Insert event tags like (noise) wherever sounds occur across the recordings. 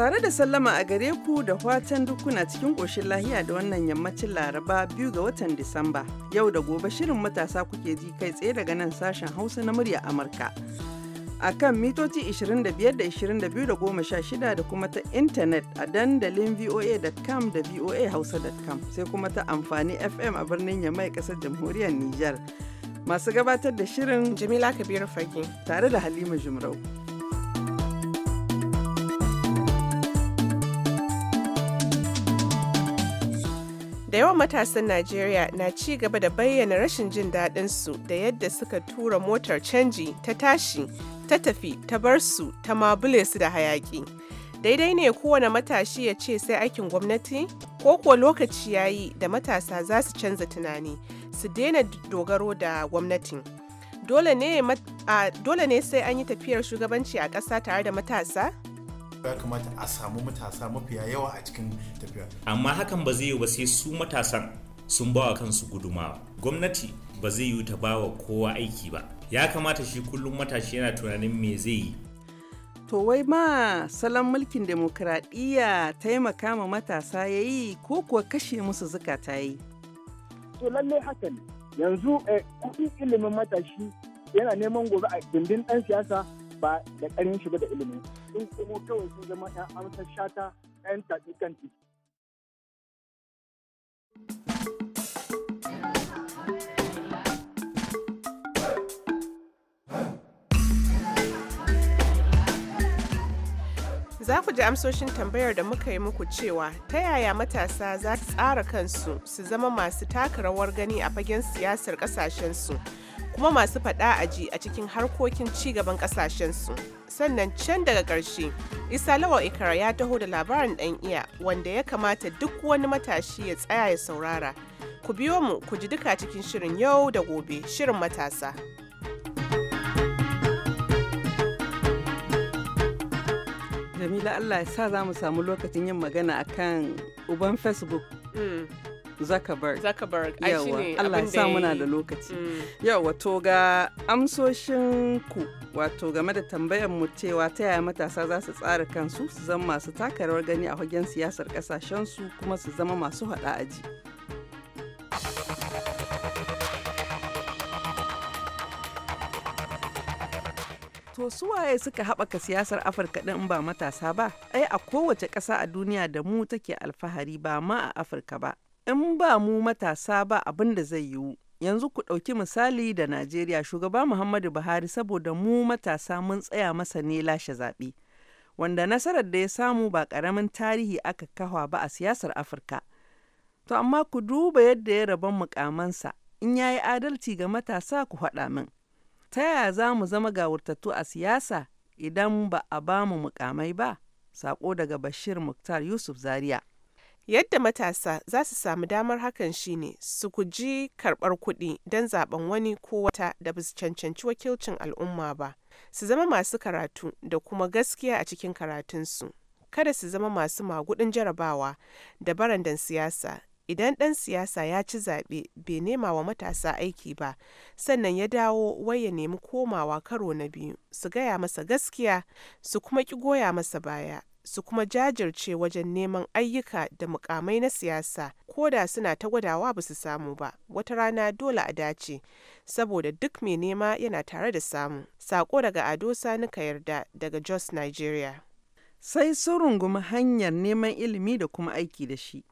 Tare da sallama a gare ku da fatan dukuna cikin koshin lahiya da wannan yammacin Laraba biyu ga watan Disamba. Yau da gobe shirin matasa kuke ji kai tsaye daga nan sashen Hausa na murya Amurka. A kan mitoci 25 da 22 da 16 da kuma ta intanet a dandalin voa.com da voahausa.com sai kuma ta amfani FM a birnin Yamai ƙasar jamhuriyar Nijar. Masu gabatar da shirin jimila Kabiru Fage tare da Halima Jumrau. da yawan matasan najeriya na ci gaba da bayyana rashin jin daɗin su da yadda suka tura motar canji ta tashi ta tafi ta bar su ta mabule su da hayaƙi daidai ne kowane matashi ya ce sai aikin gwamnati ko kuwa lokaci ya yi da matasa za su canza tunani su daina dogaro da gwamnati? dole ne sai an yi tafiyar shugabanci a ƙasa tare da matasa ya kamata a samu matasa mafiya yawa a cikin tafiya amma hakan ba zai yi ba sai su matasan sun ba wa kansu gudumawa gwamnati ba zai yi ta ba wa kowa aiki ba ya kamata shi kullum matashi yana tunanin me zai yi to wai ma salon mulkin demokuraɗiyya taimaka ma matasa ya yi ko kuwa kashe musu ta yi to lalle haka ne yanzu eh, kudin ilimin matashi yana neman gobe a dindin ɗan siyasa ba da ƙarin shiga da ilimi sun kuma kawai sun zama 'yan amsar shata 'yan tafi kan titi Za ku ji amsoshin tambayar da muka yi muku cewa ta yaya matasa za su tsara kansu su zama masu taka rawar gani a fagen siyasar ƙasashensu kuma masu faɗa aji a cikin harkokin cigaban ƙasashensu. Sannan can daga ƙarshe, Isa lawa Ikara ya taho da labarin ɗan iya wanda ya kamata duk wani matashi ya tsaya ya saurara. Ku biyo mu ku ji duka cikin shirin yau da gobe, shirin matasa. jamila allah ya sa za mu samu lokacin yin magana akan uban facebook mm. zuckerberg zuckerberg yawa allah ya sa muna da lokaci mm. yawa to ga amsoshin ku wato game da tambayar mu cewa ta yaya matasa za su tsara kansu su zama masu taka gani a hagen siyasar kasashen su kuma su zama masu haɗa aji. To su waye suka haɓaka siyasar Afirka ɗin ba matasa ba? Ai a kowace ƙasa a duniya da mu take alfahari ba ma a Afirka ba. In ba mu matasa ba abin da zai yiwu. Yanzu ku ɗauki misali da Najeriya shugaba Muhammadu Buhari saboda mu matasa mun tsaya masa ne lashe zaɓe. Wanda nasarar da ya samu ba ƙaramin tarihi aka kawa ba a siyasar Afirka. To amma ku duba yadda ya rabon mukamansa in ya yi adalci ga matasa ku haɗa min. Ta ya za mu zama gawurtattu a siyasa idan ba a ba mu mukamai ba? Sako daga Bashir Muktar Yusuf Zaria. Yadda matasa za su sami damar hakan shine su kuji karɓar kuɗi don zaben wani ko wata da ba su cancanci wakilcin al'umma ba, su zama masu karatu da kuma gaskiya a cikin karatunsu. Kada su zama masu magudin jarabawa da barandan siyasa idan ɗan siyasa ya ci zaɓe bai nema wa matasa aiki ba sannan ya dawo wai ya nemi komawa karo na biyu su gaya masa gaskiya su kuma ki goya masa baya su kuma jajirce wajen neman ayyuka da mukamai na siyasa ko da suna ta gwadawa ba su samu ba wata rana dole a dace saboda duk mai nema yana tare da samu sako daga ado sani ka yarda daga jos nigeria sai sun rungumi hanyar neman ilimi da kuma aiki da shi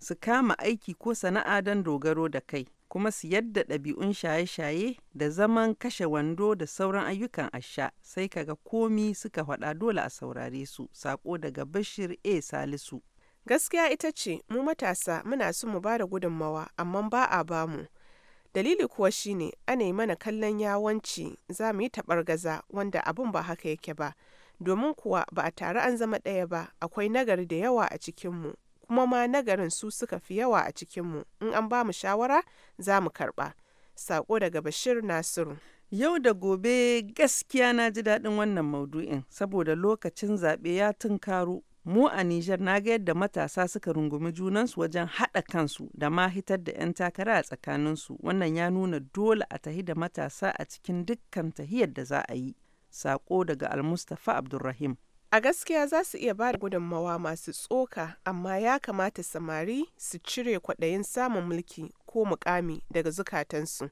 su kama aiki ko sana'a don dogaro da kai, kuma su yadda ɗabi'un shaye-shaye da zaman kashe wando da sauran ayyukan asha, sai kaga komi suka faɗa dole a saurare su, sako daga Bashir A. Salisu. Gaskiya ita ce, mu matasa muna su mu ba da gudunmawa, amma ba a bamu. Dalili kuwa shine ana yi mana kallon yawanci za mu yi gaza wanda abun ba haka yake ba. Domin kuwa ba a tare an zama ɗaya ba, akwai nagari da yawa a cikinmu kuma ma nagarin su suka fi yawa a cikinmu in an ba mu shawara za mu karba Sako daga Bashir Nasiru. Yau da gobe gaskiya na ji daɗin wannan maudu'in saboda lokacin zaɓe ya tunkaro mu a Nijar na ga yadda matasa suka rungumi junansu wajen haɗa kansu da ma hitar da 'yan takara a tsakaninsu wannan ya nuna dole a tahi da matasa a cikin dukkan tahiyar da za a yi. Sako daga Almustafa Abdulrahim. A gaskiya za su iya ba da gudunmawa masu tsoka amma ya kamata samari su cire kwaɗayin samun mulki ko mukami daga zukatansu,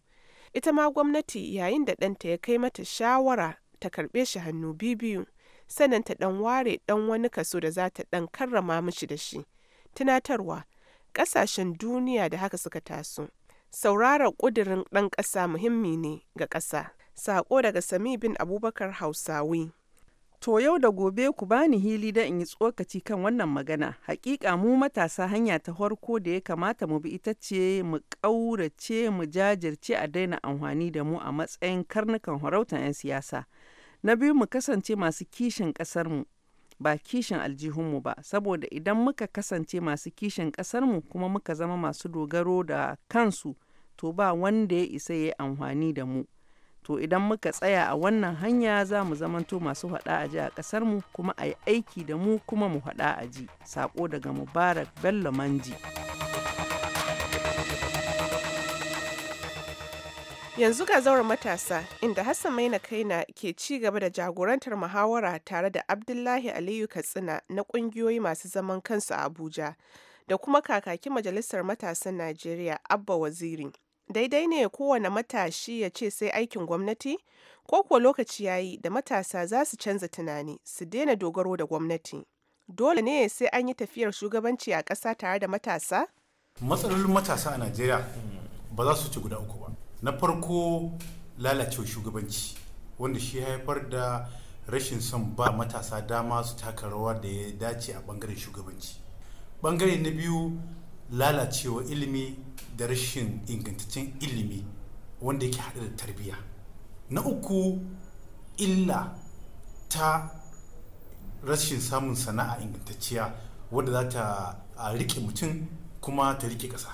ita ma gwamnati yayin da ɗanta ya kai mata shawara ta karɓe shi hannu bibiyu, sannan ta ɗan ware ɗan wani kaso da za ta ɗan karrama mishi da shi. Tunatarwa, ƙasashen duniya da haka suka taso. Sauraron ƙudurin ɗan ƙasa muhimmi ne ga ƙasa. Saƙo daga Sami bin Abubakar Hausawi. To yau da gobe ku bani hili da in yi tsokaci kan wannan magana. Hakika mu matasa hanya ta farko da ya kamata mu bi ita ce mu ƙaurace mu jajirce a daina amfani da mu a matsayin karnukan harautan 'yan siyasa. Na biyu mu kasance masu kishin ƙasarmu ba kishin aljihunmu ba saboda idan muka kasance masu kishin ƙasarmu kuma muka zama masu dogaro da kansu to ba wanda ya isa ya amfani da mu. to idan muka tsaya a wannan hanya za mu zamanto masu haɗa ji a ƙasar mu kuma a yi aiki da mu kuma mu haɗa ji saƙo daga mubarak bello manji yanzu ga zaura matasa inda hassan maina kaina ke ci gaba da jagorantar muhawara tare da abdullahi aliyu katsina na ƙungiyoyi masu zaman kansu a abuja da kuma kakakin majalisar matasan najeriya abba waziri daidai ne kowane matashi ya ce sai aikin gwamnati ko kuwa lokaci ya yi da matasa za su canza tunani su daina dogaro da gwamnati dole ne sai an yi tafiyar shugabanci a ƙasa tare da matasa matsalolin matasa a najeriya ba za su ci guda uku ba na farko lalacewar shugabanci wanda shi haifar da rashin son ba matasa dama su taka rawa da ya dace a bangaren shugabanci bangare na biyu lalacewa ilimi da rashin ingantaccen ilimi wanda yake haɗe da tarbiyya na uku illa ta rashin samun sana'a ingantacciya wadda za ta rike mutum kuma ta rike ƙasa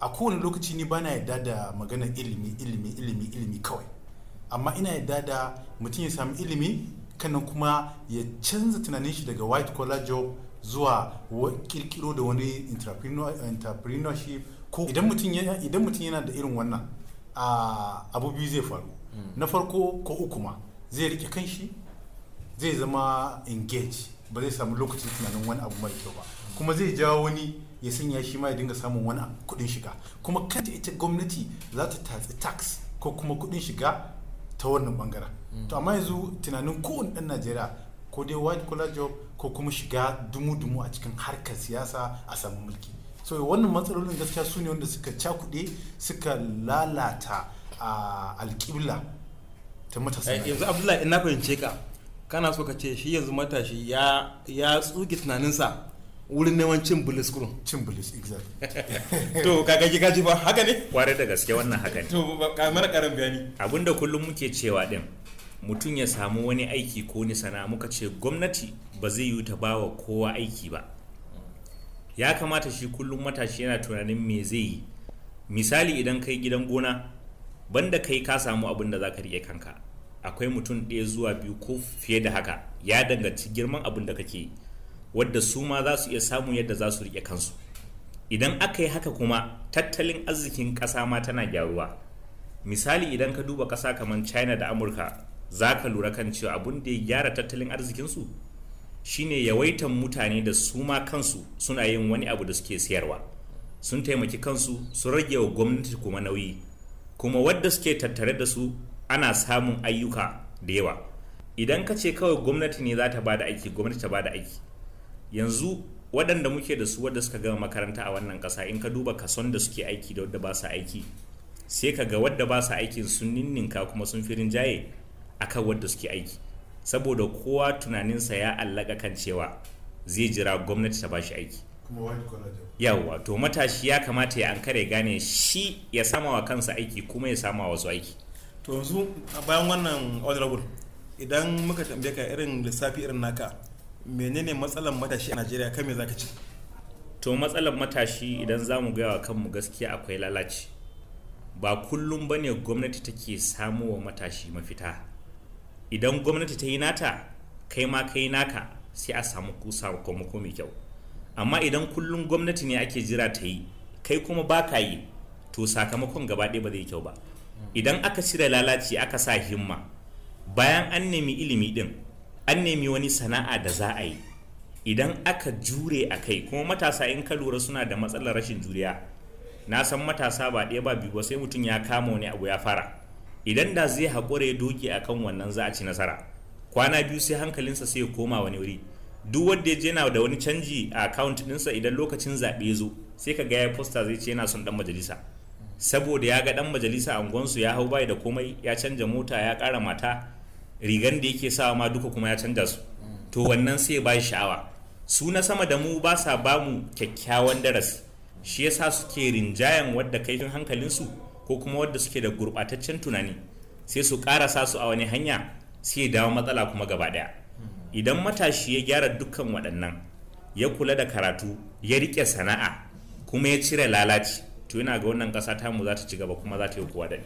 a kowane lokaci ni bana yadda da maganar ilimi ilimi ilimi ilimi kawai amma ina yadda da mutum ya samu ilimi kanan kuma ya canza tunanin shi daga white collar job zuwa kirkiro da wani entrepreneurship ko idan mutum yana da irin wannan abu biyu zai faru hmm. na farko ko uku ma zai rike kanshi zai zama engage ba zai samu lokacin tunanin wani abu mai kyau ba kuma zai jawo wani ya sanya shi ma ya dinga samun wani kudin shiga kuma kanta ita gwamnati za ta tatsi tax ko kuma kudin shiga ta wannan bangaren hmm. to amma yanzu tunanin kowane dan najeriya ko dai white collar job ko kuma shiga dumu-dumu a cikin harkar siyasa a samu mulki so wannan matsalolin gaskiya su ne wanda suka cakuɗe suka lalata a alƙibla ta matasa eh, yanzu abdullahi ina fahimce ka kana so ka ce shi yanzu matashi ya ya tsuke tunaninsa wurin neman cin bulis kurun cin bulis exactly. (laughs) to kaga ki kaji ba haka ne Ware da gaske wannan haka ne to ka mana karin bayani abinda kullum muke cewa din mutum ya samu wani aiki ko wani sana muka ce gwamnati ba zai yi ta bawa kowa aiki ba ya kamata shi kullum matashi yana tunanin me zai yi misali idan kai gidan gona banda kai ka samu abin da za ka riƙe kanka akwai mutum ɗaya zuwa biyu ko fiye da haka ya danganci girman abin da kake wadda su ma za su iya samun yadda za su riƙe kansu idan aka yi haka kuma tattalin arzikin ƙasa ma tana gyaruwa misali idan ka duba ƙasa kamar china da amurka za ka lura kan cewa abun da ya gyara tattalin arzikinsu shine yawaitan mutane da su ma kansu suna yin wani abu da suke siyarwa sun taimaki kansu sun rage wa gwamnati kuma nauyi kuma wadda suke tattare da su ana samun ayyuka da yawa idan ka ce kawai gwamnati ne za ta da aiki gwamnati ta bada aiki yanzu waɗanda muke da su wadda suka gama makaranta a wannan ƙasa in ka duba kason da suke aiki da wadda ba su aiki sai ka ga wadda ba su aikin sun ninninka kuma sun firin jaye. akan wadda suke aiki saboda kowa tunaninsa ya allaka kan cewa zai jira gwamnati ta bashi aiki yawwa to matashi ya kamata ya ankare gane shi ya sama wa kansa aiki kuma ya sama wasu aiki to yanzu bayan wannan honorable idan muka tambaye ka irin lissafi irin naka menene matsalar matashi a najeriya kame za zaka ce to matsalar matashi idan za mu gaya wa kanmu gaskiya akwai lalaci ba kullum ba ne gwamnati take samo wa matashi mafita idan gwamnati ta yi nata kai ma kai naka sai a samu kusa mako mai kyau amma idan kullum gwamnati ne ake jira ta yi kai kuma ba ka yi to sakamakon gaba ɗaya ba zai kyau ba idan aka cire lalaci aka sa himma bayan an nemi ilimi ɗin an nemi wani sana'a da za a yi idan aka jure a kai kuma matasa in ka lura suna da matsalar rashin juriya na san matasa ba ɗaya ba biyu ba sai mutum ya kama wani abu ya fara idan da zai haƙura ya doke kan wannan za a ci nasara kwana biyu sai hankalinsa sai ya koma wani wuri duk wanda ya je yana da wani canji a account ɗinsa idan lokacin zaɓe zo sai ka ga ya posta zai ce yana son ɗan majalisa saboda ya ga ɗan majalisa a unguwansu ya hau bai da komai ya canja mota ya ƙara mata rigan da yake sawa ma duka kuma ya canja su to wannan sai ba sha'awa su na sama da mu ba sa ba mu kyakkyawan darasi shi yasa suke rinjayen wadda kaifin hankalinsu ko kuma wadda suke da gurɓataccen tunani sai su ƙarasa su a wani hanya sai ya dawo matsala kuma gaba ɗaya idan matashi ya gyara dukkan waɗannan ya kula da karatu ya riƙe sana'a kuma ya cire lalaci to yana ga wannan ƙasa mu za ta ci gaba kuma za ta yi kowa da ni.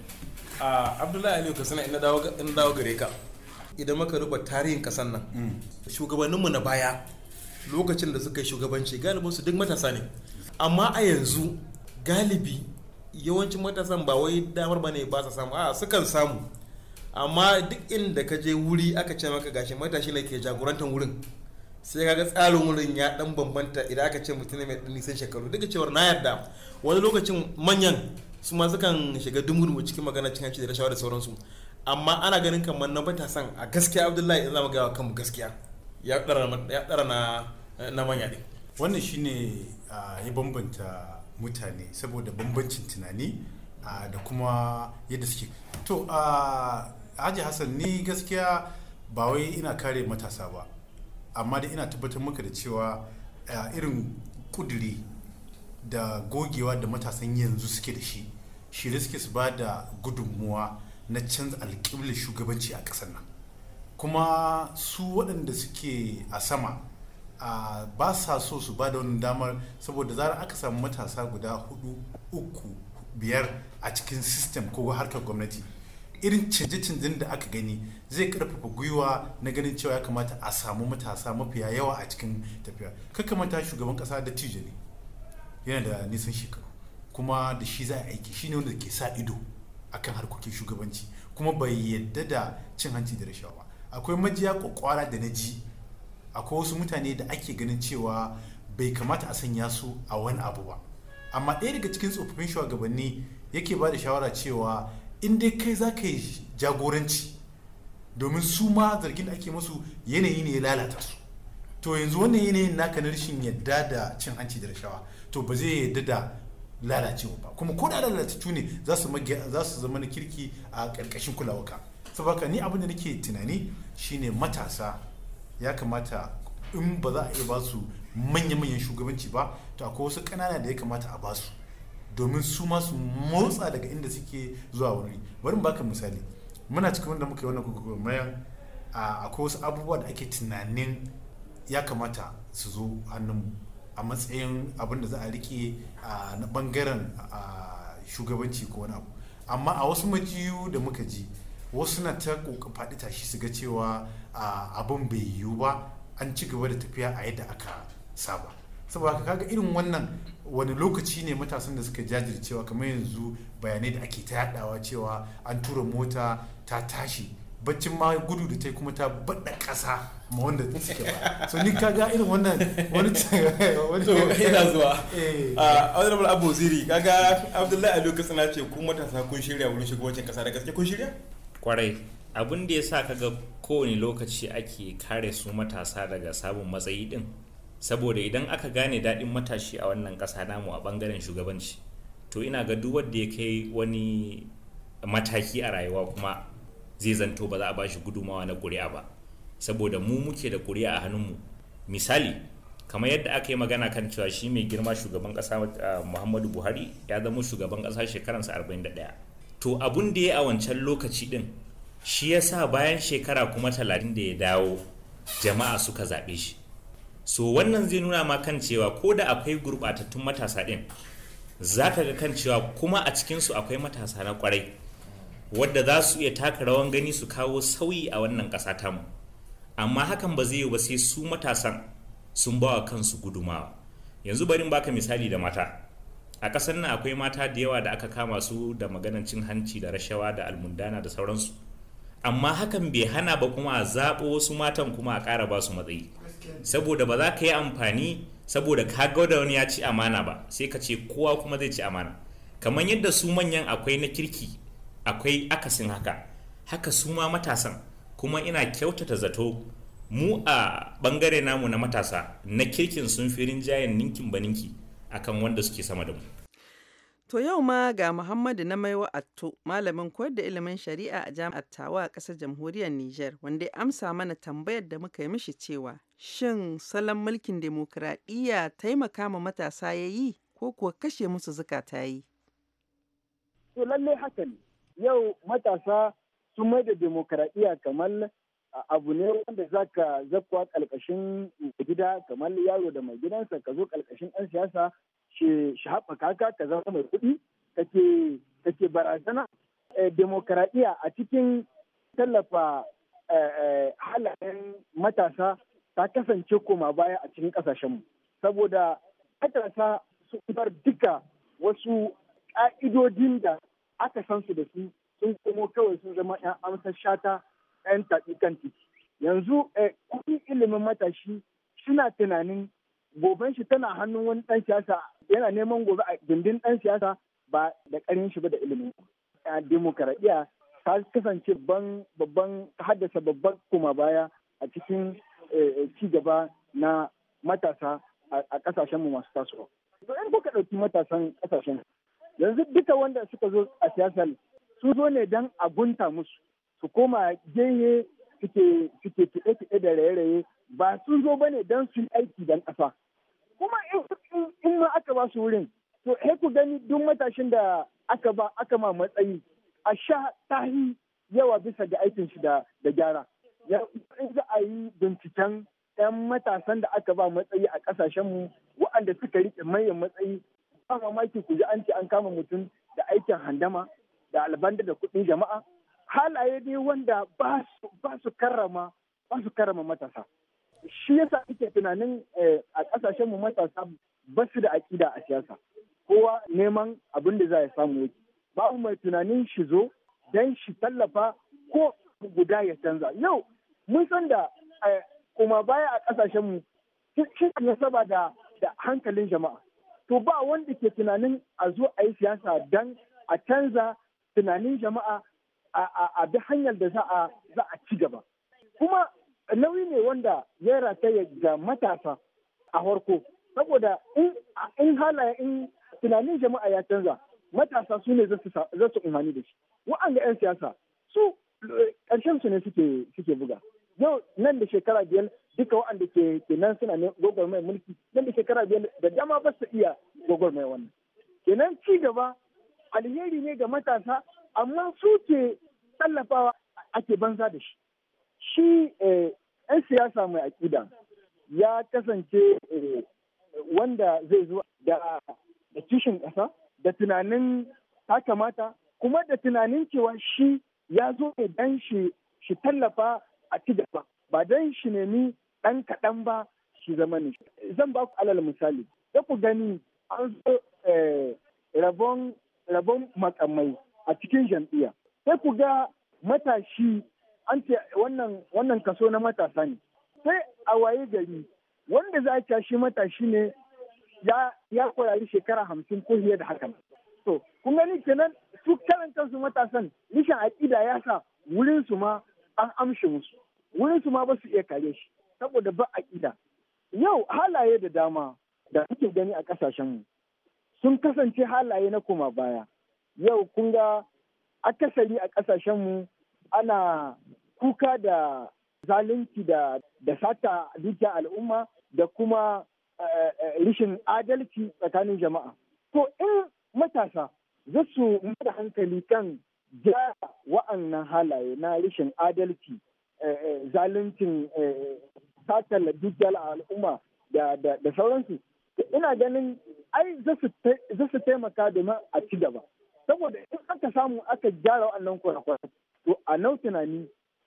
abdullahi aliyu ka sana ina dawo gare ka idan muka ruba tarihin ƙasar nan shugabanninmu na baya lokacin da suka yi shugabanci galibin su duk matasa ne amma a yanzu galibi yawancin matasan ba wai damar ba ne ba sa samu a sukan samu amma duk inda ka je wuri aka ce maka gashi matashi ne ke jagorantar wurin sai ka tsarin wurin ya dan bambanta idan aka ce mutum mai dan nisan shekaru duka cewar na yarda wani lokacin manyan su ma sukan shiga dumurmu cikin magana cikin hanci da rashawa da sauransu amma ana ganin kamar na matasan a gaskiya abdullahi idan zamu ga kanmu gaskiya ya dara eh, na manya ne wannan shine ah, yi bambanta mutane saboda bambancin tunani da kuma yadda suke to haji hassan ni gaskiya ba wai ina kare matasa ba amma da ina tabbatar maka da cewa irin kuduri da gogewa da matasan yanzu suke da shi da suke su ba da gudunmuwa na canza alƙiblar shugabanci a ƙasar nan kuma su waɗanda suke a sama ba sa so su ba da wani damar saboda zarar aka samu matasa guda hudu uku biyar a cikin sistem ko harkar gwamnati irin canje-canjen da aka gani zai karfafa gwiwa na ganin cewa ya kamata a samu matasa mafiya yawa a cikin tafiya kakamata shugaban kasa da tijo yana da nisan shekaru kuma da shi za a aiki shine wanda ke sa ido akan harkokin shugabanci kuma bai yadda da cin hanci da rashawa akwai majiya kwakwara da na ji akwai wasu mutane da ake ganin cewa bai kamata a sanya su a wani abu ba amma ɗaya daga cikin tsofaffin shugabanni yake ba da shawara cewa in dai kai za ka yi jagoranci domin su ma zargin da ake masu yanayi ne ya lalata su to yanzu wannan yanayin naka na rashin yadda da cin hanci da rashawa to ba zai yadda da lalacewa ba kuma ko da lalatattu ne za su zama na kirki a ƙarƙashin kulawa ka saboda ni abin da nake tunani shine matasa ya kamata in ba za a iya ba su manya-manyan shugabanci ba to akwai wasu ƙanana da ya kamata a ba su domin su ma su motsa daga inda suke zuwa wuri bari mu baka misali muna cikin wanda muka yi wannan gwagwarmayar akwai wasu abubuwa da ake tunanin ya kamata su zo hannunmu a matsayin abin da za a rike na bangaren shugabanci ko wani abu amma a wasu majiyu da muka ji wasu na ta faɗi tashi su ga cewa abin bai yiwu ba an ci gaba da tafiya a yadda aka saba saboda kaga irin wannan wani lokaci ne matasan da suka jajircewa kamar yanzu bayanai da ake ta yadawa cewa an tura mota ta tashi baccin ma gudu da ta yi kuma ta baɗa ƙasa ma wanda ta suke ba so ni kaga irin wannan wani to ina zuwa eh. a honorable abu ziri kaga abdullahi a lokacin na ce kun matasa kun shirya wurin shiga wancan ƙasa da gaske kun shirya kwarai abin da ya sa kaga kowane lokaci ake kare su matasa daga sabon matsayi din saboda idan aka gane daɗin matashi a wannan ƙasa namu a ɓangaren shugabanci to ina ga duk wanda ya kai wani mataki a rayuwa kuma zai zanto ba za a bashi gudumawa na ƙuri'a ba saboda mu muke da ƙuri'a a hannun mu misali kamar yadda aka yi magana kan cewa shi mai girma shugaban ƙasa ah, muhammadu buhari ya zama shugaban ƙasa shekaransa 41 to abun da ya a wancan lokaci din shi ya sa bayan shekara kuma talatin da ya dawo jama'a suka zaɓe shi so wannan zai nuna ma kan cewa ko da akwai gurɓatattun matasa ɗin za ka ga kan cewa kuma a cikinsu akwai matasa na kwarai wadda za su iya taka rawan gani su kawo sauyi a wannan ƙasa tamu amma hakan ba zai yi ba sai su matasan sun bawa kansu gudumawa yanzu bari baka misali da mata a ƙasar nan akwai mata da yawa da aka kama su da maganan cin hanci da rashawa da almundana da sauransu amma hakan bai hana ba kuma a zaɓo wasu matan kuma a ƙara ba su matsayi saboda ba za ka yi amfani saboda ka ga wani ya ci amana ba sai ka ce kowa kuma zai ci amana kamar yadda su manyan akwai na kirki akwai akasin haka haka su ma matasan kuma ina kyautata zato mu a bangare namu na matasa na kirkin sun fi rinjayen ninkin baninki. ninki akan wanda suke sama da mu To yau ma ga Muhammadu na maiwa Atto, malamin koyar da ilimin shari'a a jami'ar Tawa a ƙasar jamhuriyar Nijar, wanda ya amsa mana tambayar da muka yi mishi cewa, shin salon mulkin demokuraɗiyya taimaka ma matasa ya yi ko kuwa kashe musu ta yi? To lallai haka ne, yau matasa sun mai da demokuraɗiyya kamar abu ne wanda za ka zakwa ƙalƙashin gida kamar yaro da mai gidansa ka zo ƙalƙashin ɗan siyasa shi haɓaka ka ka zama mai kuɗi kake barazana eh, demokaradiyya a cikin tallafa eh, eh, halayen matasa ta kasance koma baya a cikin ƙasashenmu saboda matasa sun bar duka wasu ƙa'idodin da aka san su da su sun komo kawai sun zama 'yan amsar shata 'yan taɓi kan titi. Yanzu eh, kuɗi ilimin matashi suna tunanin goben shi tana hannun wani ɗan siyasa yana neman gobe a gindin ɗan siyasa ba da ƙarin shi ba da ilimin. A demokaradiyya ta kasance babban haddasa babban kuma baya a cikin eh, ci gaba na matasa a mu masu tasowa. In kuka ɗauki matasan ƙasashen yanzu duka wanda suka zo a siyasar su zo ne don a gunta musu su koma geye suke suke kiɗe-kiɗe da raye-raye ba sun zo ba ne don su aiki don ƙasa. Kuma in ma aka ba su wurin, to sai ku gani duk matashin da aka ba aka ma matsayi a sha tahi yawa bisa ga aikin shi da gyara. In za a yi binciken 'yan matasan da aka ba matsayi a ƙasashenmu waɗanda suka riƙe manyan matsayi ba mamaki ku ji an ce an kama mutum da aikin handama da albanda da kuɗin jama'a halaye ne wanda ba su karrama ba su karrama matasa shi yasa ake tunanin eh, a kasashen mu matasa ba su da akida a siyasa kowa neman abin da za ya samu yake babu mai tunanin shi zo dan shi tallafa ko guda ya canza yau mun san da eh, kuma baya a kasashen mu shi ne saboda da hankalin jama'a to ba wanda ke tunanin a zo a yi siyasa dan a canza tunanin jama'a a bi hanyar da za a ci gaba kuma nauyi ne wanda ya rataya ga matasa a farko saboda in halaye in tunanin jama'a ya canza matasa su ne za su umarni da shi Wa'anda 'yan siyasa su ƙarshen su ne suke buga yau nan da shekara biyar duka wa'anda ke kenan suna ne mai mulki nan da shekara biyar da dama ba su iya mai wannan kenan ci gaba alheri ne ga matasa amma su ke tallafawa ake banza da shi shi yan eh, siyasa mai aƙida ya kasance eh, wanda zai zo da kishin ƙasa da tunanin ta kamata kuma da tunanin cewa shi ya zo ne dan shi shi tallafa a ci gaba ba dan shi nemi ɗan kaɗan ba shi zama ne zan ba ku alal misali da ku gani an zo eh, rabon makamai a cikin jam'iyya sai ku ga matashi an ce wannan kaso na matasa ne sai a waye gari wanda za a shi matashi ne ya kurari shekara hamsin ko fiye da haka to kun gani kenan su karan kansu matasan nishan aƙida ya sa wurinsu ma an amshi musu wurinsu ma ba su iya kare shi saboda ba aƙida yau halaye da dama da kuke gani a ƙasashenmu sun kasance halaye na koma baya yau kun ga akasari a ƙasashenmu ana kuka da zalunci da da sata dukiyar al'umma da kuma eh, eh, eh, rishin adalci tsakanin jama'a. To in matasa za su da hankali kan ja wa'annan halaye na rashin adalci zaluncin satar dukiyar al'umma da sauransu. Ina ganin ai za su taimaka domin a ci gaba. saboda in aka samu aka gyara wannan kwarakwarai to a nan tunani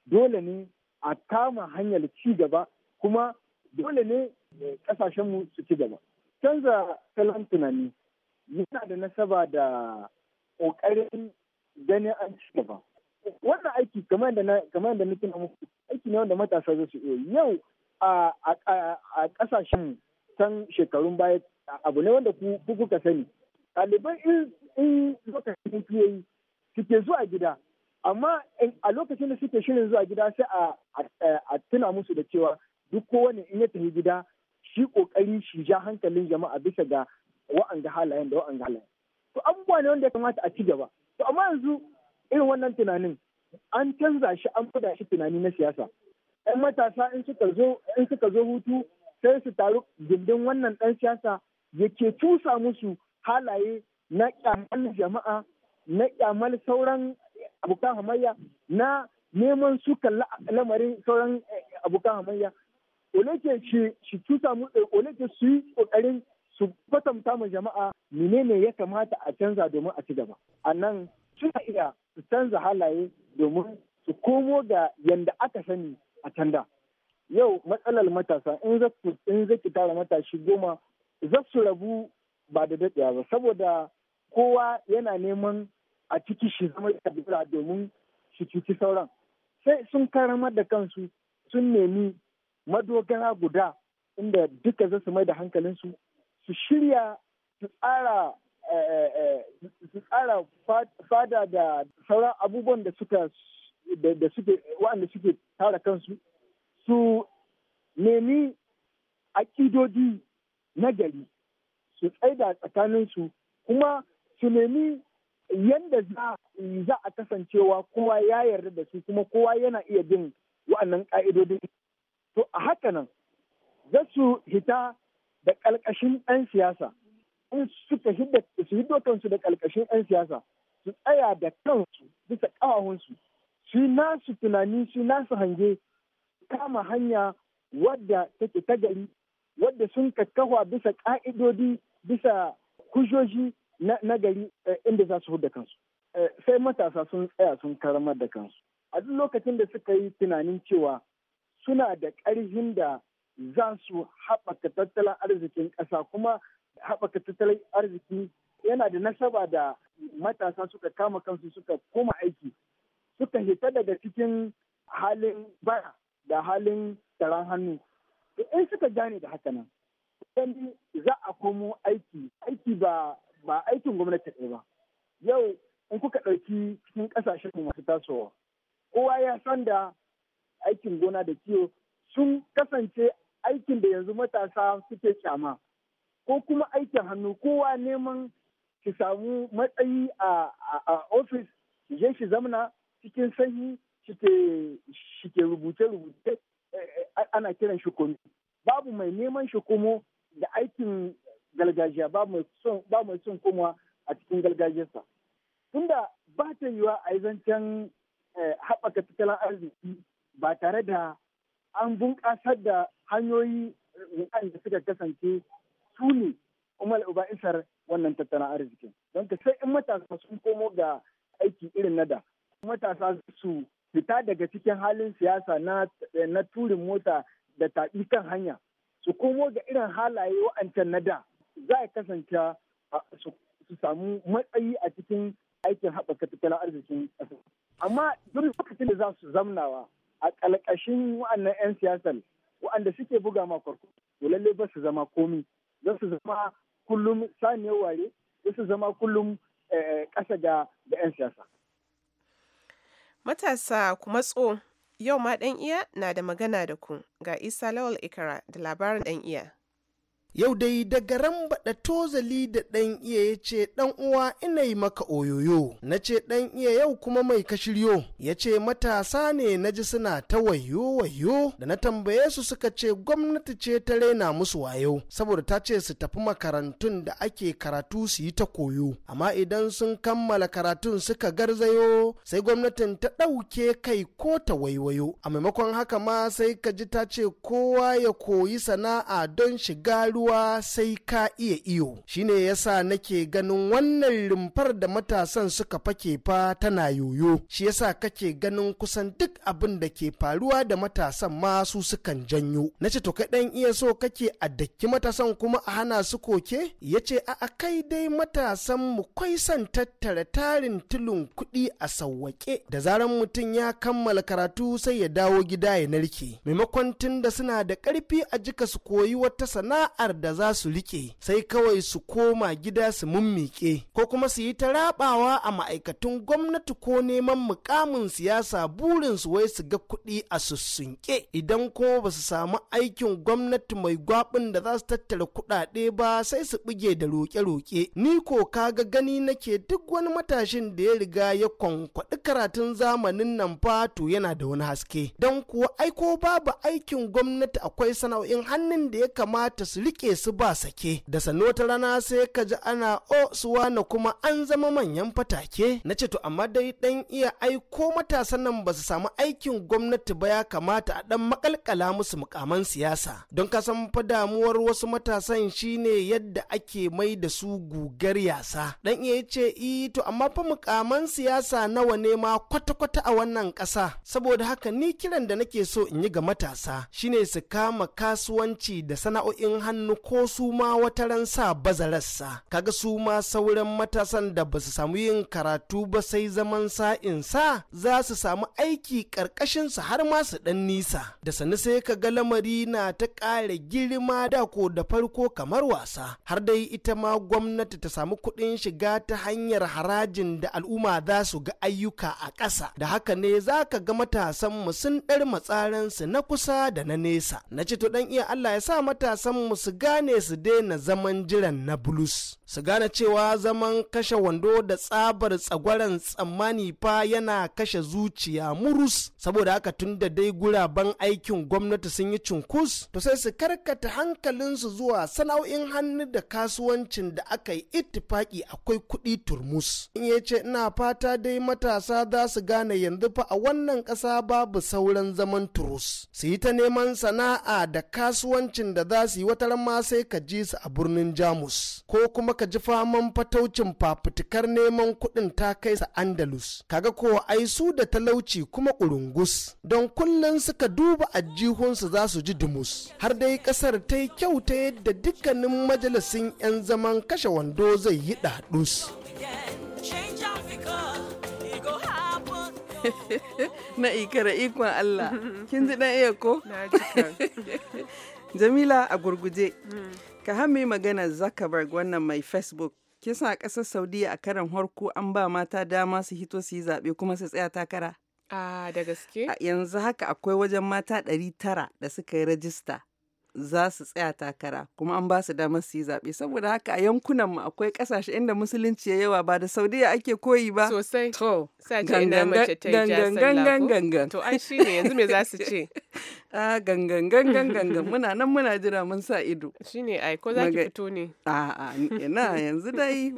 dole ne a kama hanyar ci gaba kuma dole ne kasashenmu su ci gaba canza salon tunani yana da nasaba da ƙoƙarin gani an ci gaba wannan aiki kamar yadda na tuna muku aiki ne wanda matasa za su iya yau a ƙasashen can shekarun baya abu ne wanda ku kuka sani ɗaliban in in lokacin hutu suke zuwa gida amma a lokacin da suke shirin zuwa gida sai a tuna musu da cewa duk kowane in ya tafi gida shi kokari shi ja hankalin jama'a bisa ga wa'anga halayen da wa'anga halayen to abubuwa ne wanda ya kamata a ci gaba to amma yanzu irin wannan tunanin an canza shi an fada shi tunani na siyasa yan matasa in suka zo in suka zo hutu sai su taru gindin wannan dan siyasa yake tusa musu halaye na kyamal jama'a na kyamal sauran abokan hamayya na neman su kalla lamarin sauran eh, abokan hamayya oleke shi tusa mu eh, su yi kokarin su kwatanta ma jama'a menene ya kamata a canza domin a ci gaba a nan suna iya su canza halaye domin su komo ga yanda aka sani a canda yau matsalar matasa in za ki tara matashi goma za su rabu ba da daɗewa ba saboda kowa yana neman a ciki shi zama kabila domin shi cuci sauran sai sun karamar da kansu sun nemi madogara guda inda duka zasu mai da hankalinsu su shirya su tsara eh, eh, eh, su tsara fada da sauran abubuwan da suka da suke waɗanda suke tara kansu su nemi aƙidodi na gari su tsaida tsakaninsu kuma su nemi yadda za a kasancewa kowa ya yarda da su kuma kowa yana iya bin wa'annan ƙa'idodin. To a haka nan za su hita da ƙalƙashin ɗan siyasa in suka su kansu da ƙalƙashin 'yan siyasa su tsaya da kansu bisa ƙawahunsu su nasu tunani su nasu hange kama hanya wadda take ta gari wadda sun kakkawa bisa ƙa'idodi bisa hujjoji na gari eh, inda za su da kansu eh, sai matasa sun tsaya sun karamar da kansu a duk lokacin da suka yi tunanin cewa suna da ƙarfin da za su haɓaka tattalin arzikin ƙasa kuma haɓaka tattalin arziki yana da nasaba da matasa suka kama kansu suka koma aiki suka hita daga cikin halin baya da halin taron hannu in suka gane da haka nan za a komo aiki aiki ba ba aikin gwamnati ɗaya ba yau in kuka ɗauki cikin ƙasashen masu tasowa kowa ya san da aikin gona da kiwo sun kasance aikin da yanzu matasa suke kyama ko kuma aikin hannu kowa neman ki samu matsayi a ofis je shi zamna cikin sanyi shi ke rubuce-rubuce eh, eh, ana kiran shi komi babu mai neman shi kuma da aikin gargajiya ba mai son koma a cikin gargajiyarsa tunda ba ta wa a yi zancen eh, haɓaka tattalin arziki ba tare da an bunƙasar da hanyoyi da suka kasance su ne kuma uba isar wannan tattalin arzikin don ka sai in matasa sun komo ga aiki irin na da matasa su fita daga cikin halin siyasa na turin mota da taɓi kan hanya su komo ga irin halaye wa'ancan na da za a kasance su samu matsayi a cikin aikin haɓaka tattalin arzikin ƙasa. Amma duk lokacin da za su zamnawa a ƙalƙashin wa'annan 'yan siyasar wa'anda suke buga ma kwarko to lalle ba su zama komi za su zama kullum saniyar ware za su zama kullum eh, ƙasa da 'yan siyasa. Matasa kuma tso yau ma ɗan iya na da magana da ku ga Isa Lawal Ikara da labarin ɗan iya. yau dai daga da tozali da ɗan iya ya ce ɗan uwa ina yi maka oyoyo na ce ɗan iya yau kuma mai kashiryo ya ce matasa ne na ji suna ta wayo wayo da na tambaye su suka ce gwamnati ce ta raina musu wayo saboda ta ce su tafi makarantun da ake karatu su yi ta koyo amma idan sun kammala karatun suka garzayo sai gwamnatin ta ɗauke kai ko ta waiwayo a maimakon haka ma sai ka ji ta ce kowa ya koyi sana'a don shiga ruwa sai ka iya iyo shine yasa nake ganin wannan rumfar da matasan suka fake fa tana yoyo shi yasa kake ganin kusan duk abin da ke faruwa da matasan ma su sukan janyo na ce to kaɗan iya so kake a daki matasan kuma a hana su koke ya ce a kai dai matasan mu kwai son tattara tarin tulun kuɗi a sawwaƙe da zaran mutum ya kammala karatu sai ya dawo gida ya narke maimakon tun da suna da ƙarfi a jika su koyi wata sana'ar da za su rike sai kawai su koma gida su mummike ko kuma su yi ta rabawa a ma'aikatun gwamnati ko neman mukamin siyasa burin su wai su ga kuɗi a sussunke idan ko ba su samu aikin gwamnati mai gwabin da za su tattara kuɗaɗe ba sai su buge da roƙe-roƙe ni ko ka ga gani nake duk wani matashin da ya riga ya kwankwaɗi karatun zamanin nan fa to yana da wani haske don kuwa aiko babu aikin gwamnati akwai sana'o'in hannun da ya kamata su rike sake su ba sake da sanota ta rana sai ka ji ana o suwa na kuma an zama manyan fatake na ce to amma dai dan iya aiko matasan nan ba su samu aikin gwamnati ba ya kamata a dan makalkala musu mukaman siyasa don ka san fa damuwar wasu matasan shine yadda ake mai da su gugar yasa dan iya ce i to amma fa mukaman siyasa nawa ne ma kwata-kwata a wannan kasa saboda haka ni kiran da nake so in yi ga matasa shine su kama kasuwanci da sana'o'in hannu wani ko su ma wata ran sa bazararsa kaga su ma sauran matasan da ba su samu yin karatu ba sai zaman sa'in sa za su samu aiki karkashin su har ma su dan nisa da sani sai ka ga lamari na ta ƙara girma da ko da farko kamar wasa har dai ita ma gwamnati ta samu kuɗin shiga ta hanyar harajin da al'umma za su ga ayyuka a ƙasa da haka ne za ka ga matasan mu sun ɗar matsaransu na kusa da na nesa na ce to dan iya Allah ya sa matasan mu su gane su daina zaman jiran na bulus su gane cewa zaman kashe wando da tsabar tsagwaran tsammani fa yana kashe zuciya murus saboda haka tun da dai guraben aikin gwamnati sun yi cunkus to sai su karkata hankalinsu zuwa sana'o'in hannu da kasuwancin da aka yi ittifaki akwai kuɗi turmus in ya ce ina fata dai matasa za su gane yanzu fa a wannan ƙasa babu sauran zaman turus su yi ta neman sana'a da kasuwancin da za su yi wata ma sai ka ji su a birnin jamus ko kuma ka ji faman fataucin fafutukar neman kuɗin ta kai sa andalus kaga ko ai su da talauci kuma ƙurungus don kullum suka duba ajihunsu za su ji dumus har dai ƙasar ta yi kyau ta yadda dukkanin majalisin 'yan zaman kashe wando zai yi ɗaɗus (laughs) na ikara ikon Allah (laughs) kin ji ɗan iya ko? (laughs) Jamila a gurguje. Mm. Ka hami magana Zuckerberg wannan mai Facebook. Kisa a ƙasar Saudiya a karan harko an ba mata dama su hito su yi zaɓe kuma su tsaya takara. a ah, da gaske? Yanzu haka akwai wajen mata 900 da suka yi rajista. za su tsaya takara kuma an ba su damar su yi zaɓe saboda haka a yankunan mu akwai ƙasashe inda musulunci ya yawa ba da saudiya ake koyi ba sosai to gangan gangan gangan to ai shi ne yanzu me za su ce a (laughs) ah, gangan gangan gangan muna nan muna jira mun sa ido shi ne ai ko za ki fito ne a a ina yanzu dai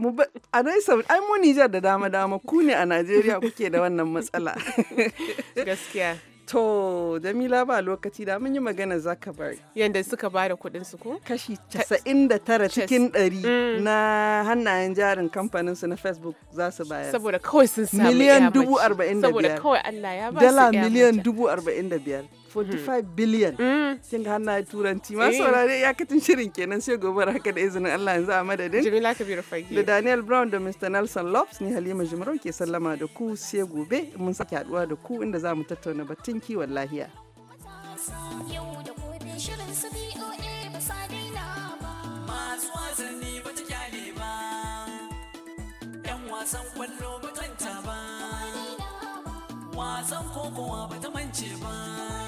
mu a dai sau ai mu Nijar da dama dama ku ne a Najeriya kuke da wannan matsala (laughs) gaskiya To, Jamila ba lokaci da mun yi magana Zuckerberg. Yanda suka bada kuɗin su ko? Kashi 99 cikin 100 mm. na hannayen jarin kamfanin su na Facebook za su bayar. Saboda kawai sun samu Miliyan dubu arba'in da biyar. Saboda kawai Allah ya ba su Dala miliyan dubu arba'in da biyar. 45 billion mm. kin ga hannaye turanci ma eh. saurare iyakacin shirin kenan sai gobe haka da izinin Allah yanzu a madadin Jamila Kabiru Fage da Daniel Brown da Mr. Nelson Lopes ni Halima jimarau ke sallama da ku sai gobe mun sake haduwa da ku inda za mu tattauna batun kiwon lahiya wasan kwallo ba ta ba wasan kokowa ba ta mance ba